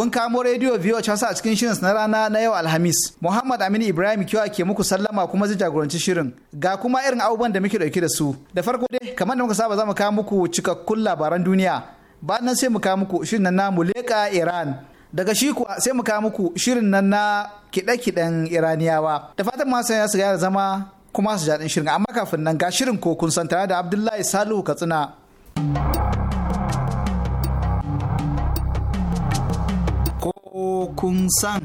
kun kamo rediyo VOH casa a cikin shirin na rana na yau Alhamis. Muhammad Aminu Ibrahim kiwa ke muku sallama kuma zai jagoranci shirin. Ga kuma irin abubuwan da muke dauke da su. Da farko dai kamar da muka saba za mu kawo muku cikakkun labaran duniya. Bayan nan sai mu kawo muku shirin na namu leka Iran. Daga shi kuwa sai mu kawo muku shirin nan na kiɗe-kiɗen Iraniyawa. Da fatan masu ya su da zama kuma su jaɗin shirin amma kafin nan ga shirin ko kun san da Abdullahi Salihu Katsina. ko kun san.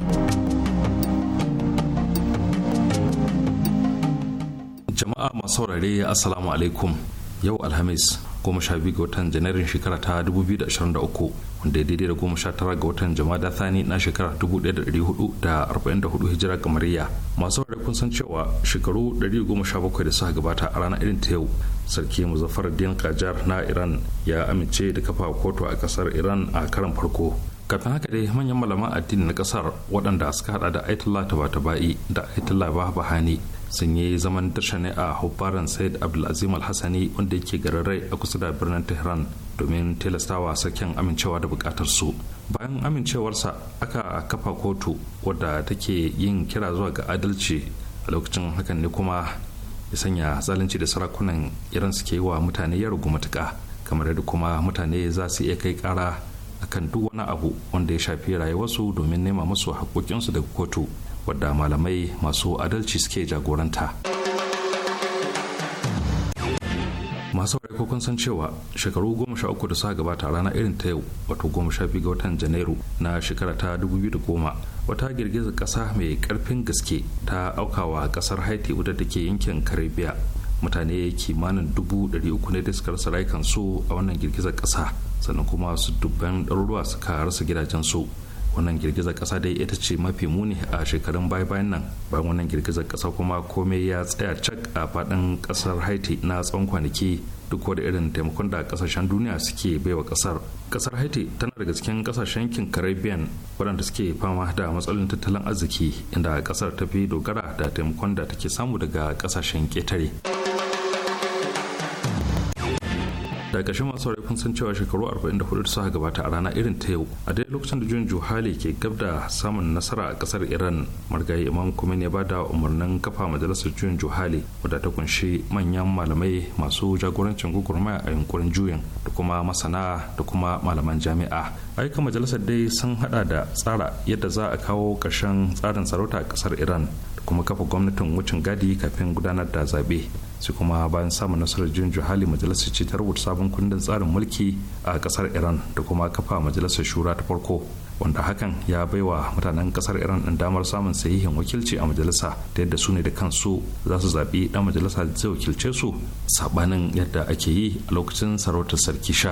Jama'a masu saurare Assalamu alaikum yau Alhamis goma sha biyu ga watan janairun shekara ta 2023 wanda ya daidai da goma sha tara ga watan jama'a thani na shekara 1444 hijira kamariya masu saurare kun san cewa shekaru 117 da suka gabata a ranar irin ta yau sarki muzaffar din kajar na iran ya amince da kafa kotu a kasar iran a karan farko kafin haka dai manyan malaman addini na kasar waɗanda suka hada da aitullah bai da aitullah bahani sun yi zaman tashar ne a hubbaran said abdulazim alhassani wanda yake garin rai a kusa da birnin tehran domin tilastawa saken amincewa da bukatar su bayan amincewarsa aka kafa kotu wadda take yin kira zuwa ga adalci a lokacin hakan ne kuma ya sanya zalunci da sarakunan irin suke yi wa mutane ya rugu matuka kamar yadda kuma mutane za su iya kai kara akan duk wani abu wanda ya shafi rayuwarsu domin nema musu haƙoƙinsu daga kotu wadda malamai masu adalci suke jagoranta masu ko kun san cewa shekaru goma sha uku da suka gabata rana irin ta yau wato goma sha biyu ga watan janairu na shekara ta dubu biyu da goma wata girgizar kasa mai karfin gaske ta aukawa kasar haiti wadda take yankin caribbean mutane kimanin dubu ɗari uku ne da suka rasa rayukan su a wannan girgizar ƙasa sannan kuma su dubban ɗaruruwa suka rasa gidajen su wannan girgizar ƙasa dai ita ce mafi muni a shekarun baya bayan nan bayan wannan girgizar ƙasa kuma komai ya tsaya cak a faɗin ƙasar haiti na tsawon kwanaki duk da irin taimakon da kasashen duniya suke baiwa ƙasar ƙasar haiti tana daga cikin kasashen kin caribbean waɗanda suke fama da matsalolin tattalin arziki inda ƙasar ta fi dogara da taimakon da take samu daga ƙasashen ƙetare. da ƙarshen masu rai kun san cewa shekaru 44 da suka gabata a rana irin ta yau a dai lokacin da jun juhali ke gab da samun nasara a kasar iran margayi imam kuma ne ba da umarnin kafa majalisar jun juhali wadda ta kunshi manyan malamai masu jagorancin gugurmaya a yunkurin juyin da kuma masana da kuma malaman jami'a aika majalisar dai sun hada da tsara yadda za a kawo ƙarshen tsarin sarauta a kasar iran da kuma kafa gwamnatin wucin gadi kafin gudanar da zaɓe sai kuma bayan samun nasarar jin juhali majalisar ce ta rubuta sabon kundin tsarin mulki a kasar iran da kuma kafa majalisar shura ta farko wanda hakan ya baiwa mutanen kasar iran ɗin damar samun sahihin wakilci a majalisa ta yadda su ne da kansu za su zaɓi ɗan majalisa da zai wakilce su saɓanin yadda ake yi a lokacin sarautar sarki sha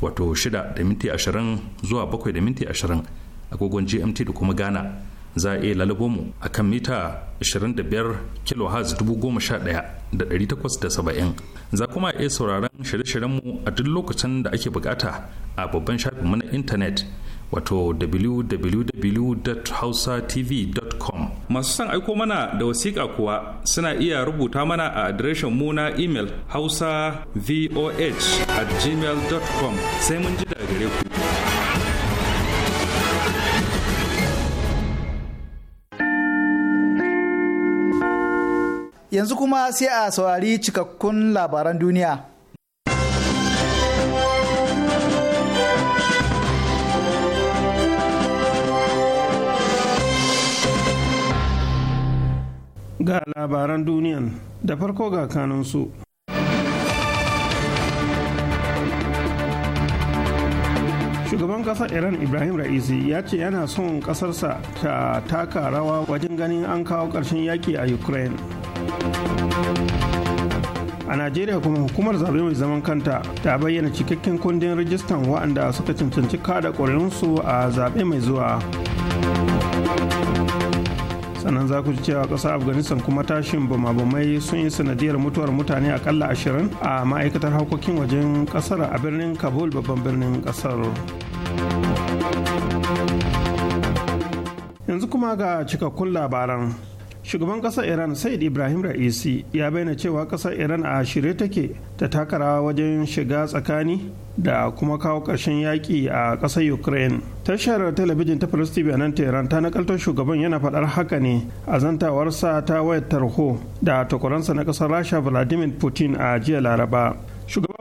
wato 6 da minti 20 zuwa 7 da minti 20 agogon gmt da kuma ghana za a iya lalubo mu a kan mita 25 kHz 11870 za kuma iya sauraron shirye-shiryen mu a duk lokacin da ake bukata a babban shafin mu na intanet wato www.hausatv.com masu son aiko mana da wasiƙa kuwa suna iya rubuta mana a adireshin mu na imel hausa voh at gmail.com sai mun ji daga gare ku. Yanzu kuma sai a saurari cikakkun labaran duniya. Ga labaran duniyan da farko ga kanunsu. kasar iran ibrahim ra'isi ya ce yana son kasarsa ta taka rawa wajen ganin an kawo karshen yaki a ukraine a najeriya kuma hukumar zaɓe mai zaman kanta ta bayyana cikakken kundin rijistan waɗanda suka cancanci kada ƙwararrunsu a zabe mai zuwa sannan za ku ji cewa ƙasar afghanistan kuma tashin bamabamai sun yi sanadiyar mutuwar mutane akalla ashirin a ma'aikatar harkokin wajen ƙasar a birnin kabul babban birnin ƙasar. yanzu kuma ga cikakkun labaran shugaban kasar iran said ibrahim ra'isi ya bayyana cewa kasar iran a shirye take ta takarawa wajen shiga tsakani da kuma kawo ƙarshen yaƙi a ƙasar ukraine tashar talabijin ta press tv a nan tehran ta nakaltar shugaban yana faɗar haka ne a zantawarsa ta wayar tarho da takwaransa na ƙasar rasha vladimir putin a jiya laraba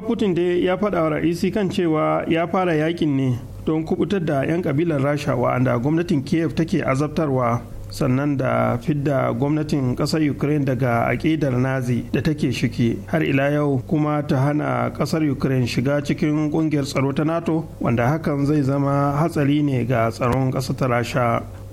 putin dai ya faɗa wa ra'isi kan cewa ya fara yakin ne don kubutar da 'yan kabilar rasha wa'anda gwamnatin kiev take azabtarwa sannan da fidda gwamnatin ƙasar ukraine daga aƙidar nazi da take shiki har ila yau kuma ta hana ƙasar ukraine shiga cikin ƙungiyar tsaro ta nato wanda hakan zai zama hatsari ne ga tsaron ƙasar ta rasha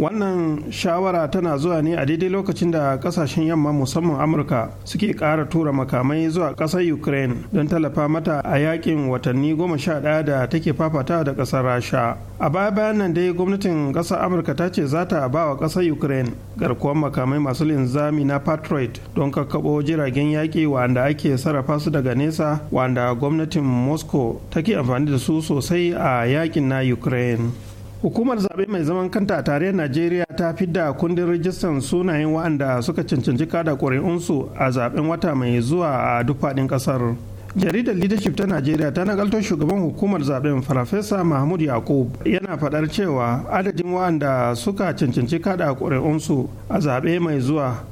wannan shawara tana zuwa ne a daidai lokacin da kasashen yamma musamman amurka suke kara tura makamai zuwa ƙasar ukraine don tallafa mata a yakin watanni goma sha ɗaya da take fafata da ƙasar rasha a baya bayan nan dai gwamnatin ƙasar amurka ta ce za ta ba wa ƙasar ukraine garkuwar makamai masu linzami na patriot don kakkaɓo jiragen yaƙi wanda ake sarrafa su daga nesa wanda gwamnatin moscow take amfani da su sosai a yakin na ukraine hukumar zaɓe mai zaman kanta a tarayyar najeriya ta fi da kundin rajistan sunayen wa'anda suka cancanci kada ƙuri'unsu a zaɓen wata mai zuwa a duk faɗin ƙasar jaridar leadership ta najeriya ta nagalto shugaban hukumar zaɓen farfesa mahmud yakub yana faɗar cewa adadin wa'anda suka cancanci kada ƙuri'unsu a zaɓe mai zuwa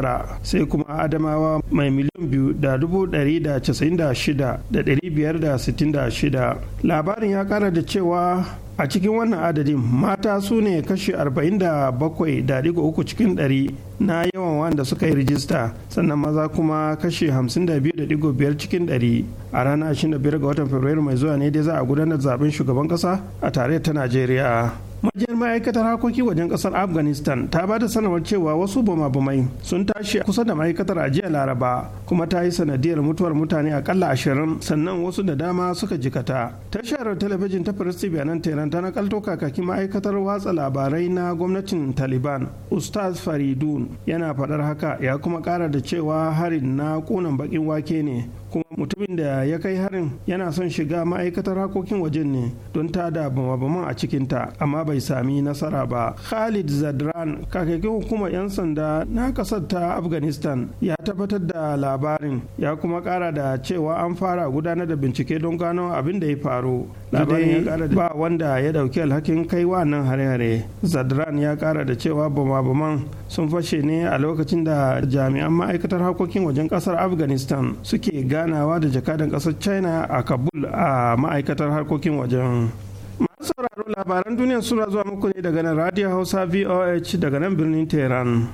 tara sai kuma adamawa mai miliyan biyu da dubu ɗari da casa'in da shida da ɗari biyar da sittin da shida labarin ya kara da cewa a cikin wannan adadin mata su ne kashi uku cikin dari na yawan wanda suka yi rijista sannan maza kuma kashi 52.5 cikin dari a ranar 25 ga watan fabrairu mai zuwa ne dai za a gudanar zaben shugaban kasa a tare ta najeriya majiyar ma'aikatar harkoki wajen kasar afghanistan ta ba da sanarwar cewa wasu bama-bamai sun tashi kusa da ma'aikatar a laraba kuma ta yi sanadiyar mutuwar mutane akalla ashirin sannan wasu da dama suka jikata tashar talabijin ta firisti bayanan tehran ta nakalto kakakin ma'aikatar watsa labarai na gwamnatin taliban ustaz faridun yana faɗar haka ya kuma ƙara da cewa harin na ƙunan baƙin wake ne kuma mutumin da ya kai harin yana son shiga ma'aikatar harkokin wajen ne don ta bama-baman a cikinta amma bai sami nasara ba khalid zadran kakakin hukumar 'yan sanda na kasar ta afghanistan ya tabbatar da labarin ya kuma kara da cewa an fara gudanar da bincike don gano abin da ya faru labarin ya ba wanda ya dauki alhakin kai wa nan hare-hare zadran ya kara da cewa bama-baman sun fashe ne a lokacin da jami'an ma'aikatar harkokin wajen kasar afghanistan suke ga ganawa da jakadan ƙasar china a kabul a ma'aikatar harkokin wajen masu sauraro labaran duniya suna zuwa muku ne daga nan radio hausa voh daga nan birnin tehran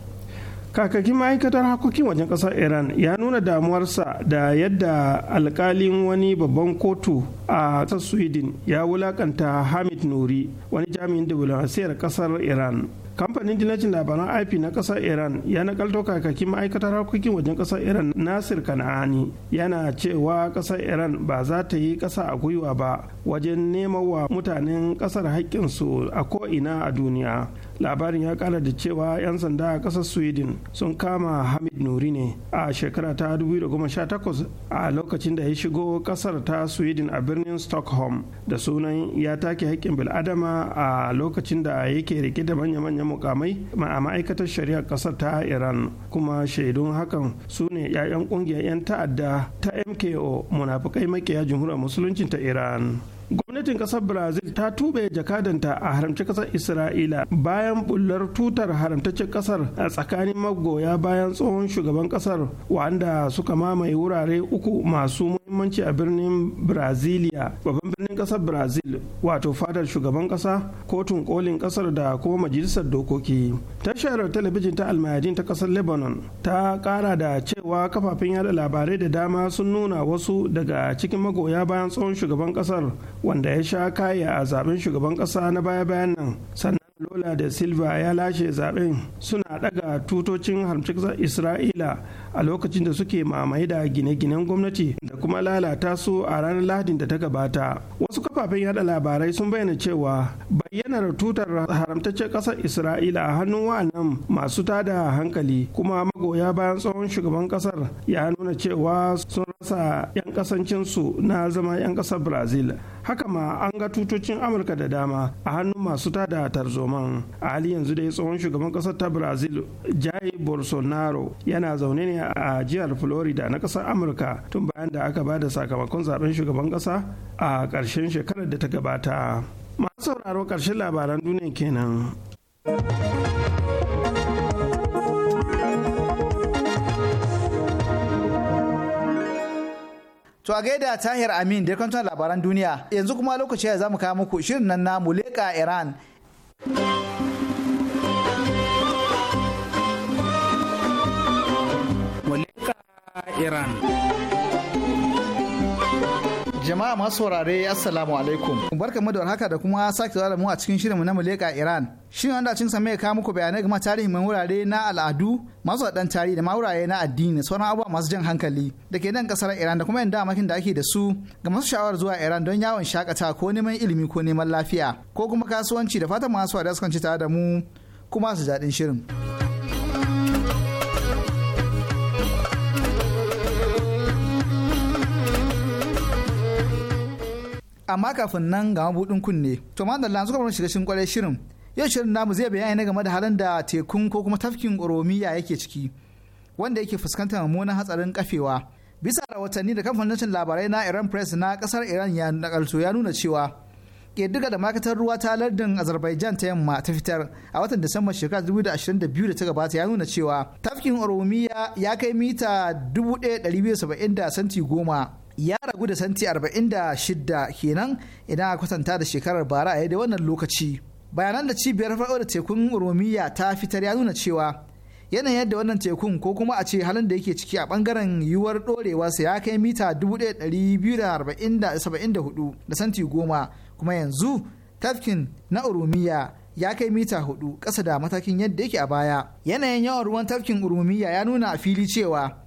kakakin ma'aikatar harkokin wajen ƙasar iran ya nuna damuwarsa da yadda alkalin wani babban kotu a ƙasar sweden ya wulakanta hamid nuri wani jami'in diplomasiyar ƙasar iran kamfanin dinajin labaran ip na kasar iran ya nakalto kakakin ma'aikatar harkokin wajen kasar iran nasir kana'ani yana cewa kasar iran ba za ta yi kasa a gwiwa ba wajen neman wa mutanen kasar haƙƙinsu a ko'ina a duniya labarin ya kara da cewa 'yan sanda a kasar sweden sun kama hamid nuri ne a shekara ta 2018 a lokacin da ya shigo kasar ta sweden a birnin stockholm da sunan ya take haƙƙin bil'adama a lokacin da yake rike da manya manya mukamai a ma'aikatar shari'ar kasar ta iran kuma shaidun hakan su ne 'ya'yan ƙungiyar 'yan ta'adda ta mko munafukai makiya jamhuriyar musulunci ta iran gwamnatin kasar brazil ta tube jakadanta a haramci kasar isra'ila bayan bullar tutar haramtaccen kasar a tsakanin magoya bayan tsohon shugaban kasar wanda suka mamaye wurare uku masu muhimmanci a birnin brazilia babban birnin kasar brazil wato fadar shugaban kasa kotun kolin kasar da kuma majalisar dokoki tashar talabijin ta almayadin ta kasar lebanon ta kara da cewa kafafen yada labarai da dama sun nuna wasu daga cikin magoya bayan tsohon shugaban kasar wanda ya sha kaya a zaben shugaban ƙasa na baya-bayan nan sannan lola da silva ya lashe zaben suna daga tutocin hamshiksar isra'ila a lokacin da suke mamaye da gine-ginen gwamnati da kuma lalata su a ranar lahadin da ta gabata wasu kafafen yada labarai sun bayyana cewa bayyanar tutar haramtaccen kasar isra'ila a hannun wa'annan masu tada hankali kuma magoya bayan tsohon shugaban kasar ya nuna cewa sun rasa 'yan kasancinsu na zama 'yan kasar brazil haka ma an ga tutocin amurka da dama a hannun masu tada tarzoman a hali yanzu dai tsohon shugaban kasar ta brazil jair bolsonaro yana zaune ne a jihar florida na kasar amurka tun bayan da aka ba da sakamakon zaben shugaban kasa a ƙarshen shekarar da ta gabata masu sauraro ƙarshen labaran duniya kenan To a gaida Tahir Amin da kwantar labaran duniya yanzu kuma lokaci ya mu kawo muku shirin nan na leƙa Iran. Iran. Jama'a masu saurare Assalamu alaikum. Barka mu da warhaka da kuma sake zuwa da mu a cikin shirinmu na Muleka Iran. Shin wanda cin sa mai kawo muku bayanai game tarihin mai wurare na al'adu, masu wadan tarihi da ma wurare na addini, sauran abubuwa masu jan hankali da ke nan kasar Iran da kuma yan damakin da ake da su ga masu sha'awar zuwa Iran don yawon shakata ko neman ilimi ko neman lafiya ko kuma kasuwanci da fatan masu wadai su kan ci tare da mu kuma su daɗin shirin. amma kafin nan ga mabudin kunne to madalla yanzu kamar shiga cikin shirin yau shirin namu zai bayani game da halin da tekun ko kuma tafkin oromiya yake ciki wanda yake fuskantar mummunan hatsarin kafewa bisa watanni da kamfanin labarai na iran press na kasar iran ya nakalto ya nuna cewa ƙididdiga da makatar ruwa ta lardin azerbaijan ta yamma ta fitar a watan disamba shekara 2022 da ta gabata ya nuna cewa tafkin oromiya ya kai mita 1270 da santi goma ya ragu da santi 46 kenan idan a kwatanta da shekarar bara a yadda wannan lokaci bayanan da cibiyar farko da tekun romiya ta fitar ya nuna cewa yanayin yadda wannan tekun ko kuma a ce halin da yake ciki a bangaren yiwuwar ɗorewarsa, ya kai mita 1274 da santi goma kuma yanzu tafkin na urumiya ya kai mita hudu ƙasa da matakin yadda yake a baya yanayin yawan ruwan tafkin urumiya ya nuna a fili cewa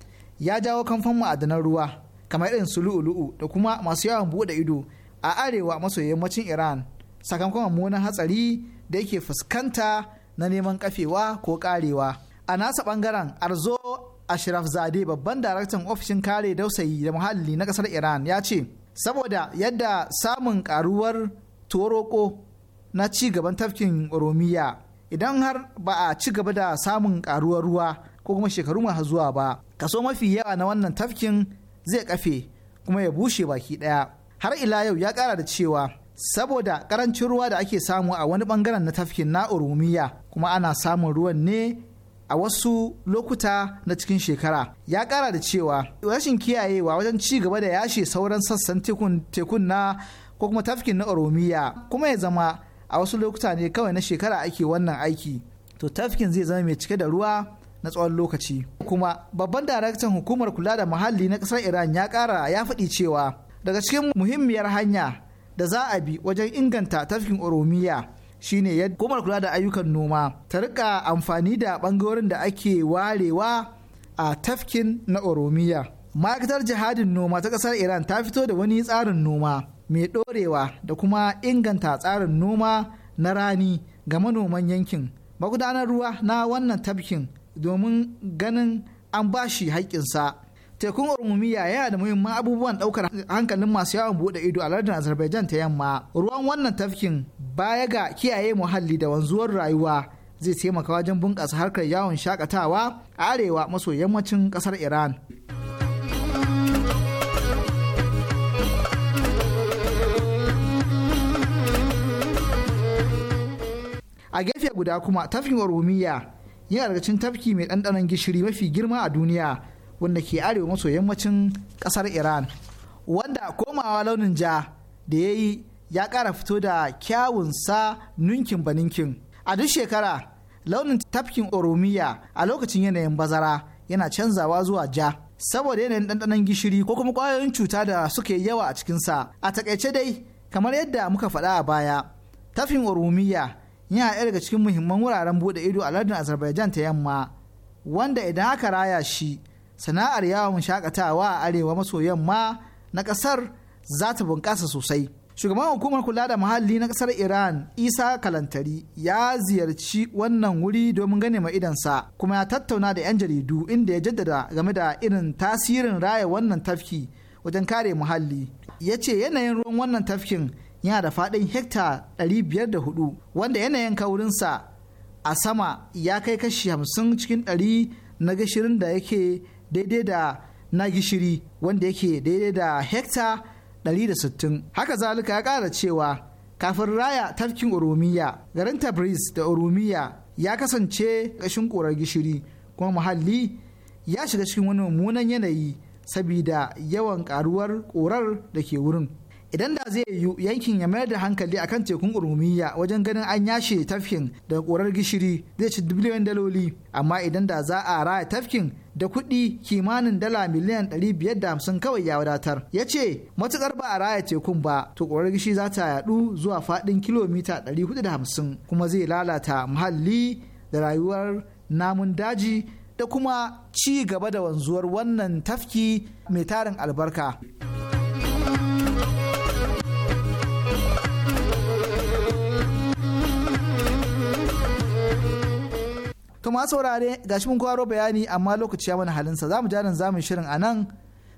ya jawo kamfan ma'adanan ruwa kamar irin su luu da kuma masu yawon bude ido a arewa maso yammacin iran sakamakon mummunan hatsari da yake fuskanta na neman kafewa ko karewa a nasa bangaren arzo ashraf zade babban daraktan ofishin kare dausayi da muhalli na kasar iran ya ce saboda yadda samun karuwar toroko na ci gaban tafkin oromiya idan har ba a ci gaba da samun karuwar ruwa ko kuma shekaru masu zuwa ba kaso mafi yawa na wannan tafkin zai kafe kuma ya bushe baki ɗaya har ila yau ya ƙara da cewa saboda ƙarancin ruwa da ake samu a wani bangaren na tafkin na urumiya kuma ana samun ruwan ne a wasu lokuta na cikin shekara ya kara da cewa rashin kiyayewa wajen ci gaba da yashe sauran sassan tekun na ko kuma tafkin na oromiya kuma ya zama a wasu lokuta ne kawai na shekara ake wannan aiki to tafkin zai zama mai cike da ruwa na tsawon lokaci kuma babban daraktan hukumar kula da muhalli na ƙasar iran ya ƙara ya faɗi cewa daga cikin muhimmiyar hanya da za a bi wajen inganta tafkin oromiya shine yadda hukumar kula da ayyukan noma ta rika amfani da bangarorin da ake warewa a tafkin na oromiya ma'aikatar jihadin noma ta ƙasar iran ta fito da wani tsarin noma mai ɗorewa da kuma inganta tsarin noma na rani ga manoman yankin magudanar ruwa na wannan tafkin domin ganin an ba shi haƙƙinsa. Tekun ya yana da muhimman abubuwan ɗaukar hankalin masu yawon buɗe ido a lardin Azerbaijan ta yamma. Ruwan wannan tafkin baya ga kiyaye muhalli da wanzuwar rayuwa zai taimaka wajen bunƙasa harkar yawon shakatawa a arewa maso yammacin ƙasar Iran. A gefe guda kuma tafkin Urmumiya yana daga cikin tafki mai ɗanɗanon gishiri mafi girma a duniya wanda ke arewa maso yammacin ƙasar iran wanda komawa launin ja da ya yi ya ƙara fito da kyawun ninkin ba ninkin a duk shekara launin tafkin oromiya a lokacin yanayin bazara yana canzawa zuwa ja saboda yanayin ɗanɗanon gishiri ko kuma ƙwayoyin cuta da suke yawa a cikinsa a takaice dai kamar yadda muka faɗa a baya tafin oromiya yana ɗaya daga cikin muhimman wuraren buɗe ido a lardin azerbaijan ta yamma wanda idan aka raya shi sana'ar yawon shakatawa a arewa maso yamma na ƙasar za ta bunƙasa sosai shugaban hukumar kula da muhalli na ƙasar iran isa kalantari ya ziyarci wannan wuri domin gane ma idansa kuma ya tattauna da 'yan jaridu inda ya jaddada game da irin tasirin raya wannan tafki wajen kare muhalli ya ce yanayin ruwan wannan tafkin yana da faɗin hekta 504 wanda yanayin kaurinsa a sama ya kai kashi 50 cikin 100 na gishirin da yake daidai da na gishiri wanda yake daidai da hekta 160 haka zalika ya ƙara cewa kafin raya tafkin oromiya garin tabriz da oromiya ya kasance kashin korar gishiri kuma muhalli ya shiga cikin wani mummunan yanayi sabida yawan ƙaruwar ƙorar da ke wurin idan da zai yiwu yankin ya mayar da hankali a kan tekun urumiya wajen ganin an yashe tafkin da korar gishiri zai ci dubliyan daloli amma idan da za a raya tafkin da kuɗi kimanin dala miliyan 550 kawai ya wadatar ya ce matukar ba a raya tekun ba to korar gishiri za ta yadu zuwa faɗin kilomita 450 kuma zai lalata muhalli da rayuwar namun daji da kuma ci gaba da wanzuwar wannan tafki mai tarin albarka. To masu saurare gashi mun kwaro bayani amma lokaci ya wani halinsa za mu ja nan zamu shirin a nan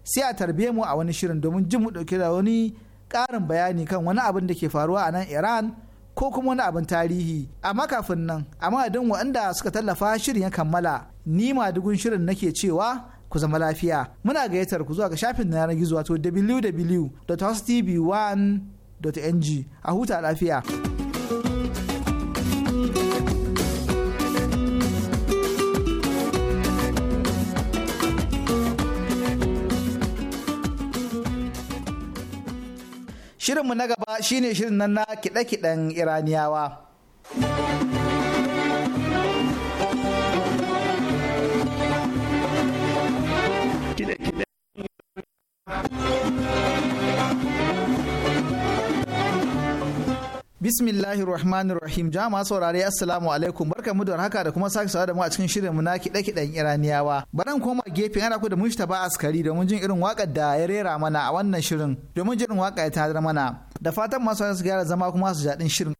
sai a tarbe mu a wani shirin domin jin mu dauke da wani ƙarin bayani kan wani abin da ke faruwa a nan Iran ko kuma wani abin tarihi. Amma kafin nan a madadin waɗanda suka tallafa shirin ya kammala ni ma dugun shirin nake cewa ku zama lafiya. Muna gayyatar ku zuwa ga shafin na yanar gizo wato www.hostv1.ng a huta lafiya. Shirinmu na gaba shine shirin nan na kiɗe-kiɗen Iraniyawa. Kiɗe-kiɗen Bismillahir Rahmanir Rahim. Jama'a saurare Assalamu alaikum. Barkamu da haka da kuma sake sawa da mu a cikin shirin mu na kiɗe-kiɗen Iraniyawa. Baran koma gefe ana ku da ba Askari domin jin irin waƙar da ya rera mana a wannan shirin. Domin jin irin waƙa ya tazar mana. Da fatan masu su gyara zama kuma su jaɗin shirin.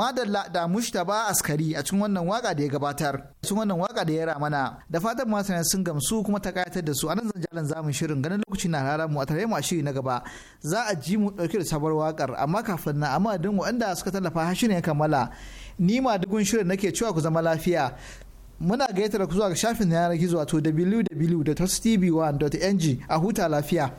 madalla da ba askari a cikin wannan waka da ya gabatar cikin wannan waka da ya rama mana da fatan masana sun gamsu kuma ta kayatar da su a nan jalan zamun shirin ganin lokaci na rara mu a tare mu a shiri na gaba za a ji mu dauke da sabar wakar amma kafin na amma din waɗanda suka tallafa har shirin ya kammala ni ma dugun shirin nake cewa ku zama lafiya muna gayyatar ku zuwa ga shafin yanar gizo wato www.tv1.ng a huta lafiya.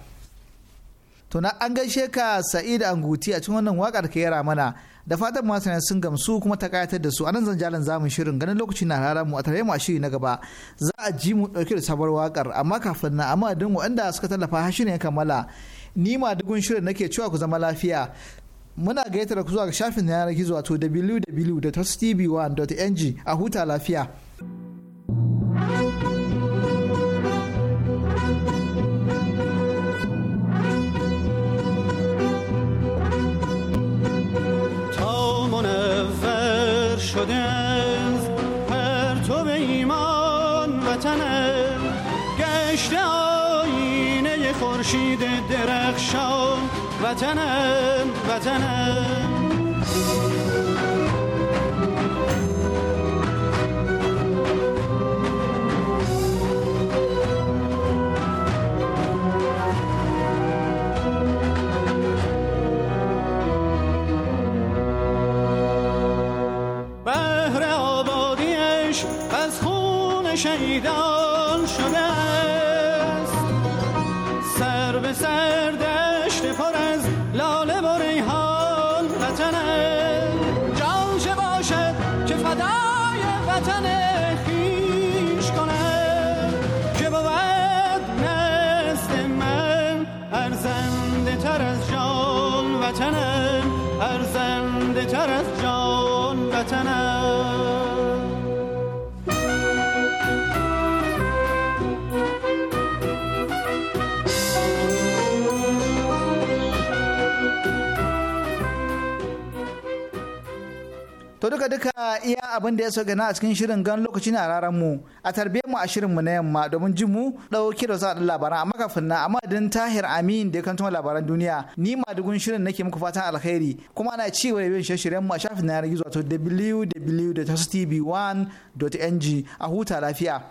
to na an gaishe ka sa'id anguti a cikin wannan wakar ka yara mana da fatan masana sun gamsu kuma ta kayatar da su anan zan jalan zamu shirin ganin lokaci na rara mu a tare mu a shiri na gaba za a ji mu ɗauki da sabar wakar amma kafin na amma dun waɗanda suka tallafa har shirin ya kammala ni ma dugun shirin nake cewa ku zama lafiya muna gayyatar ku zuwa ga shafin yanar gizo wato www.tv1.ng a huta lafiya امید درخشان وطنم وطنم Stefan to duka duka iya abin da ya sauke na a cikin shirin gan lokaci na raran mu a tarbiyyar mu a shirin mu na yamma domin jin mu dauke da zaɗin labaran a kafin na amma din tahir amin da ya kanto labaran duniya ni ma dugun shirin nake muku fatan alkhairi kuma ana ci gaba da bin shirye mu a shafin na yanar gizo to www.tv1.ng a huta lafiya.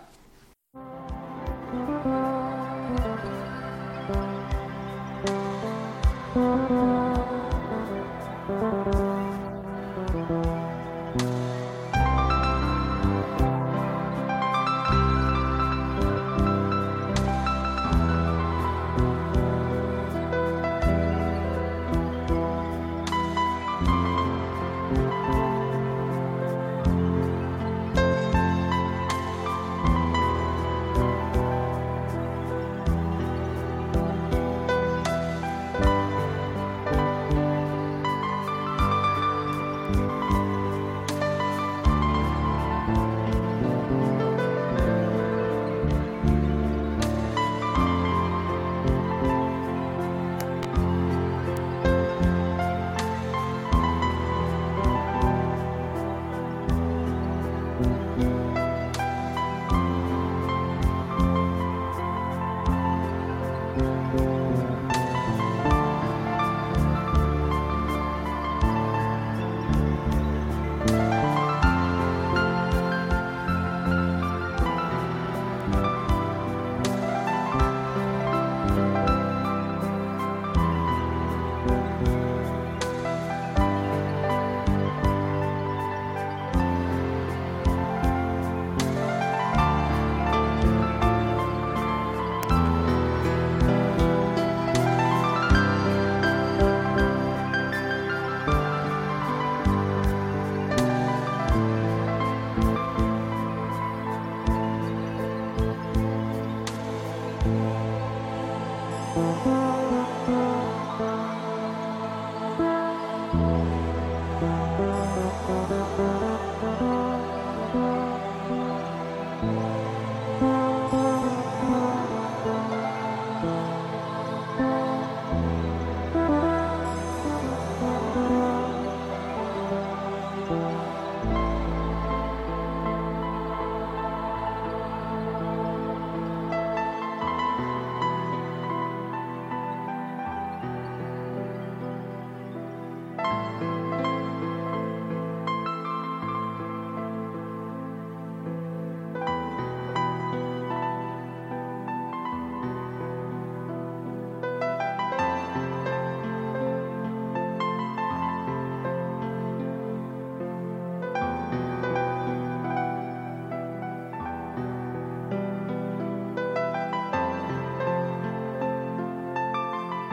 Thank you.